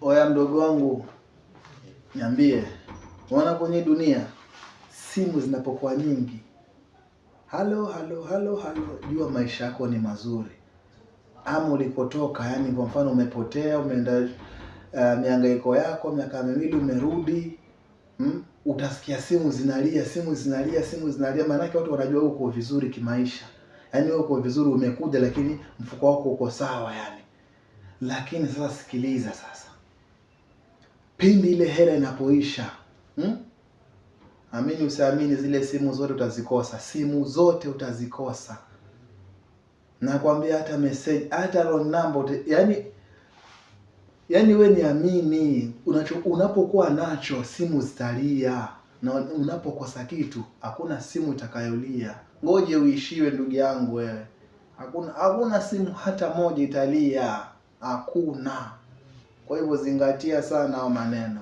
Oya mdogo wangu, niambie, unaona kwenye dunia simu zinapokuwa nyingi, halo halo halo halo, jua maisha yako ni mazuri ama ulipotoka. Yani kwa mfano, umepotea umeenda, uh, eh, miangaiko yako miaka miwili, umerudi mm, utasikia simu zinalia, simu zinalia, simu zinalia, maanake watu wanajua uko vizuri kimaisha, yani uko vizuri, umekuja, lakini mfuko wako uko sawa yani. Lakini sasa sikiliza sasa pindi ile hela inapoisha hmm? Amini usiamini, zile simu zote utazikosa, simu zote utazikosa. Nakwambia hata message, hata ron number, yani yani we niamini, unapokuwa nacho simu zitalia, na unapokosa kitu hakuna simu itakayolia. Ngoje uishiwe ndugu yangu wewe, hakuna hakuna simu hata moja italia, hakuna. Kwa hivyo zingatia sana hao maneno.